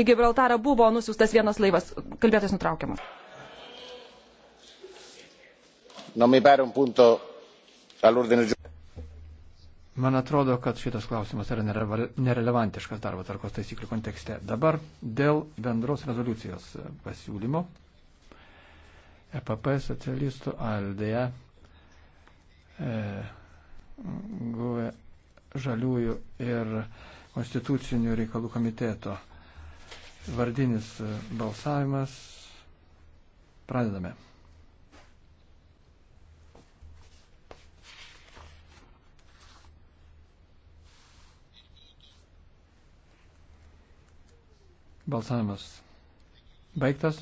į Gibraltarą buvo nusiustas vienas laivas. Kalbėtojas nutraukiamas. Man atrodo, kad šitas klausimas yra nerelevantiškas darbo tarkos taisyklių kontekste. Dabar dėl bendros rezoliucijos e, pasiūlymo EPP socialistų ALDE e, e, žaliųjų ir konstitucinių reikalų komiteto Vardinis balsavimas. Pradedame. Balsavimas baigtas.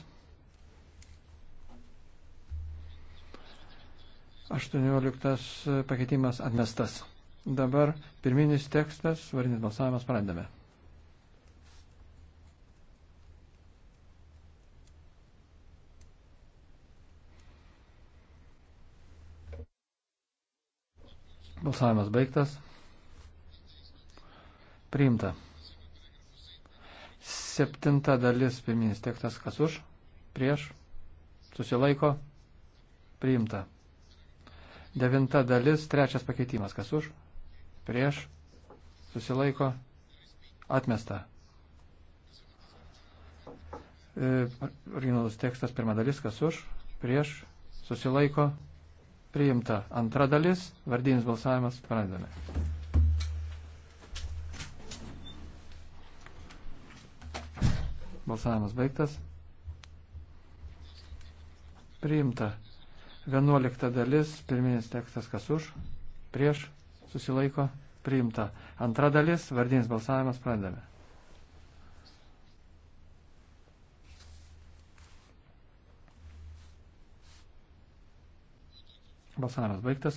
18 pakeitimas atmestas. Dabar pirminis tekstas, varinis balsavimas pradedame. Balsavimas baigtas. Priimta. Septinta dalis pirminis tekstas, kas už, prieš, susilaiko, priimta. Devinta dalis, trečias pakeitimas, kas už, prieš, susilaiko, atmesta. E, originalus tekstas, pirma dalis, kas už, prieš, susilaiko, atmesta priimta. Antra dalis, vardinis balsavimas, pradedame. Balsavimas baigtas. Priimta. Vienuolikta dalis, pirminis tekstas kas už, prieš, susilaiko, priimta. Antra dalis, vardinis balsavimas, pradedame. Balsavimas baigtas.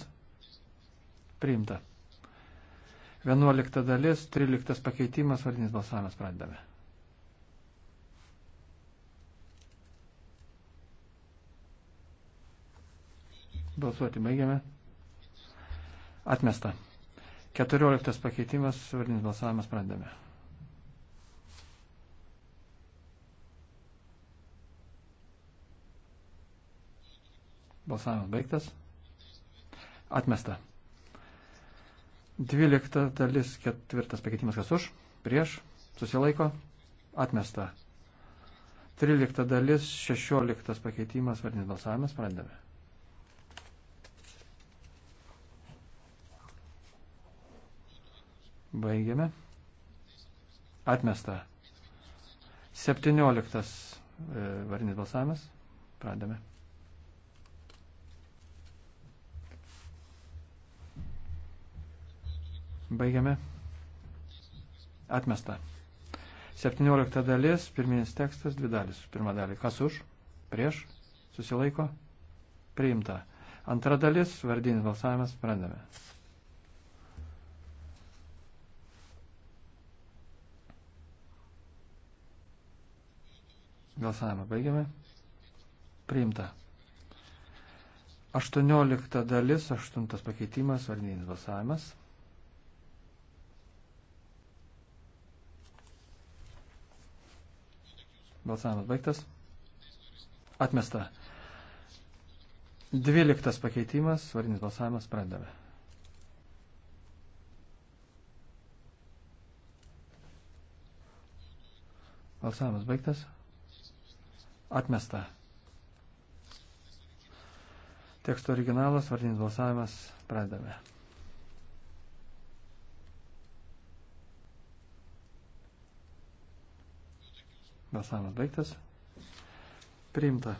Priimta. 11 dalis, 13 pakeitimas, vardinis balsavimas pradedame. Balsuoti baigiame. Atmesta. 14 pakeitimas, vardinis balsavimas pradedame. Balsavimas baigtas. Atmesta. 12 dalis, ketvirtas pakeitimas, kas už, prieš, susilaiko, atmesta. 13 dalis, 16 pakeitimas, vardinis balsavimas, pradedame. Baigiame. Atmesta. 17 e, varinis balsavimas. Pradame. Baigiame. Atmesta. 17 dalis, pirminis tekstas, dvi dalis. Pirma dalį. Kas už? Prieš? Susilaiko? Priimta. Antra dalis, vardinis balsavimas, pradame. Balsavimą baigiame. Priimta. 18 dalis, 8 pakeitimas, vardinis balsavimas. Balsavimas baigtas. Atmesta. Dvyliktas pakeitimas, varinis balsavimas, pradedame. Balsavimas baigtas. Atmesta. Teksto originalas, vardinis balsavimas, pradedame. Balsavimas baigtas. Priimta.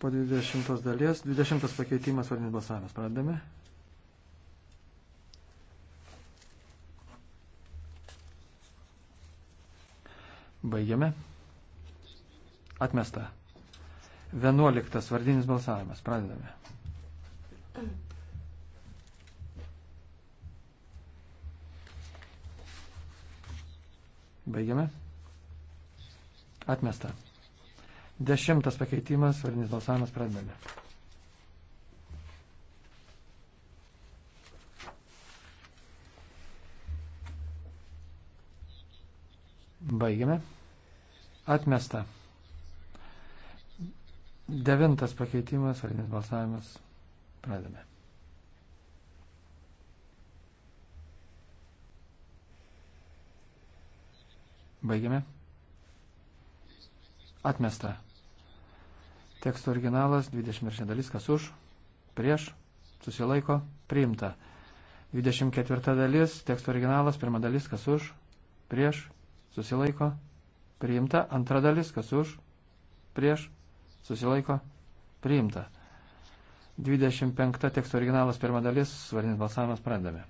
Po 20 dalies, 20 pakeitimas vardinis balsavimas. Pradedame. Baigiame. Atmesta. 11 vardinis balsavimas. Pradedame. Baigiame. Atmesta. Dešimtas pakeitimas, vardinis balsavimas pradedame. Baigiame. Atmesta. Devintas pakeitimas, vardinis balsavimas pradedame. Baigiame. Atmesta. Teksto originalas 23 dalis, kas už, prieš, susilaiko, priimta. 24 dalis, teksto originalas, pirma dalis, kas už, prieš, susilaiko, priimta. Antra dalis, kas už, prieš, susilaiko, priimta. 25 teksto originalas, pirma dalis, svardinis balsavimas, pradame.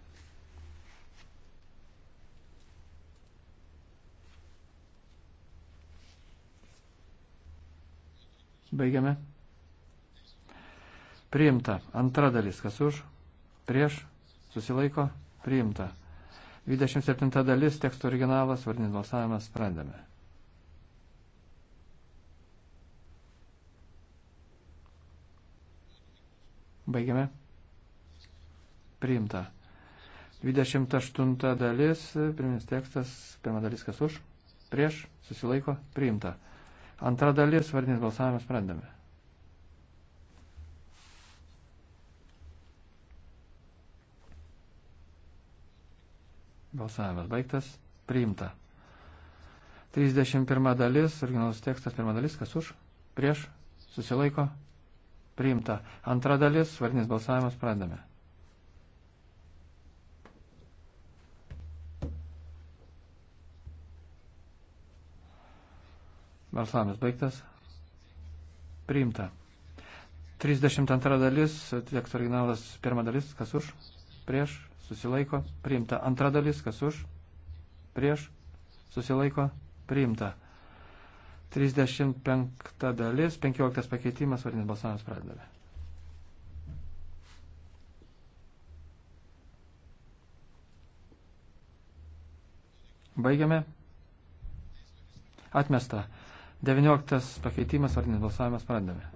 Baigiame. Priimta. Antra dalis. Kas už? Prieš. Susilaiko. Priimta. 27 dalis. Teksto originalas. Vardinis balsavimas. Sprendėme. Baigiame. Priimta. 28 dalis, pirminis tekstas, pirma dalis kas už, prieš, susilaiko, priimta. Antra dalis, vardinis balsavimas, pradedame. Balsavimas baigtas, priimta. 31 dalis, originalus tekstas, pirma dalis, kas už, prieš, susilaiko, priimta. Antra dalis, vardinis balsavimas, pradedame. Balsavimas baigtas. Priimta. 32 dalis, teksto originalas, pirma dalis, kas už, prieš, susilaiko, priimta. Antra dalis, kas už, prieš, susilaiko, priimta. 35 dalis, 15 pakeitimas, vadinis balsavimas pradedame. Baigiame. Atmesta. 19 pakeitimas, vardinis balsavimas, pradedame.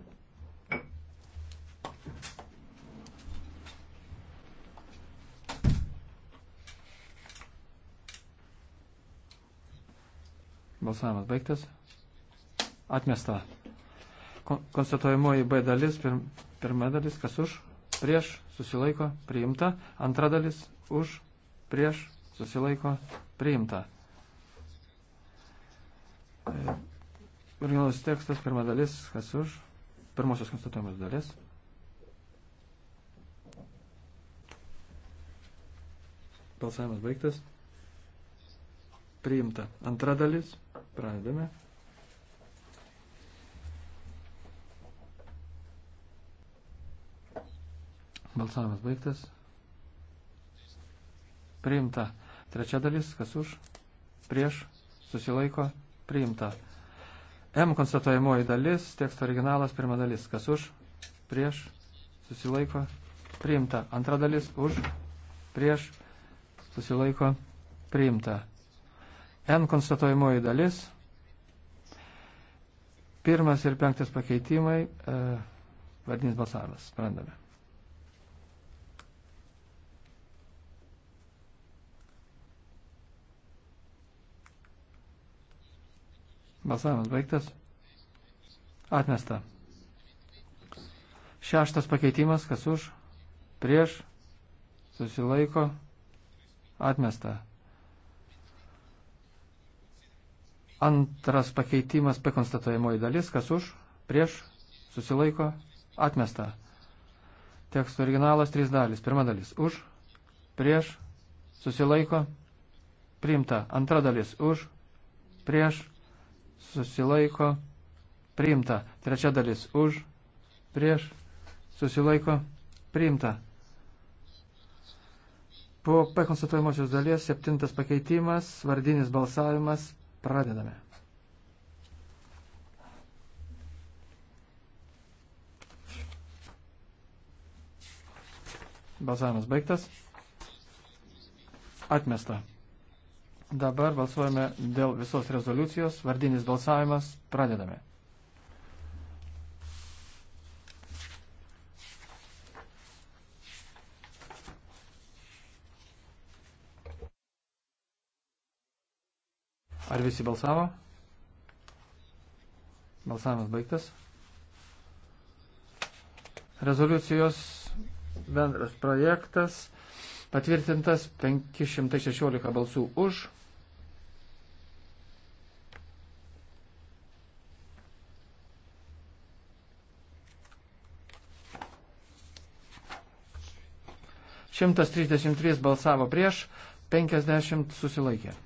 Balsavimas baigtas. Atmesta. Konstatuojamoji B dalis, pir, pirma dalis, kas už, prieš, susilaiko, priimta. Antra dalis, už, prieš, susilaiko, priimta. E, Originalus tekstas, pirma dalis, kas už, pirmosios konstatuojamos dalis. Balsavimas baigtas. Priimta. Antra dalis. Pradedame. Balsavimas baigtas. Priimta. Trečia dalis. Kas už? Prieš. Susilaiko. Priimta. M konstatuojamoji dalis, teksto originalas, pirma dalis. Kas už, prieš, susilaiko, priimta. Antra dalis, už, prieš, susilaiko, priimta. N konstatuojamoji dalis, pirmas ir penktas pakeitimai, e, vardinis balsavimas. Sprendame. Balsavimas baigtas. Atmesta. Šeštas pakeitimas, kas už, prieš, susilaiko, atmesta. Antras pakeitimas pakonstatuojamoji dalis, kas už, prieš, susilaiko, atmesta. Teksto originalas trys dalis. Pirma dalis už, prieš, susilaiko, priimta. Antra dalis už, prieš, susilaiko, priimta. Trečia dalis už, prieš, susilaiko, priimta. Po P konstatuojamosios dalies septintas pakeitimas, vardinis balsavimas, pradedame. Balsavimas baigtas. Atmesta. Dabar balsuojame dėl visos rezoliucijos. Vardinis balsavimas. Pradedame. Ar visi balsavo? Balsavimas baigtas. Rezoliucijos bendras projektas patvirtintas 516 balsų už. 133 balsavo prieš, 50 susilaikė.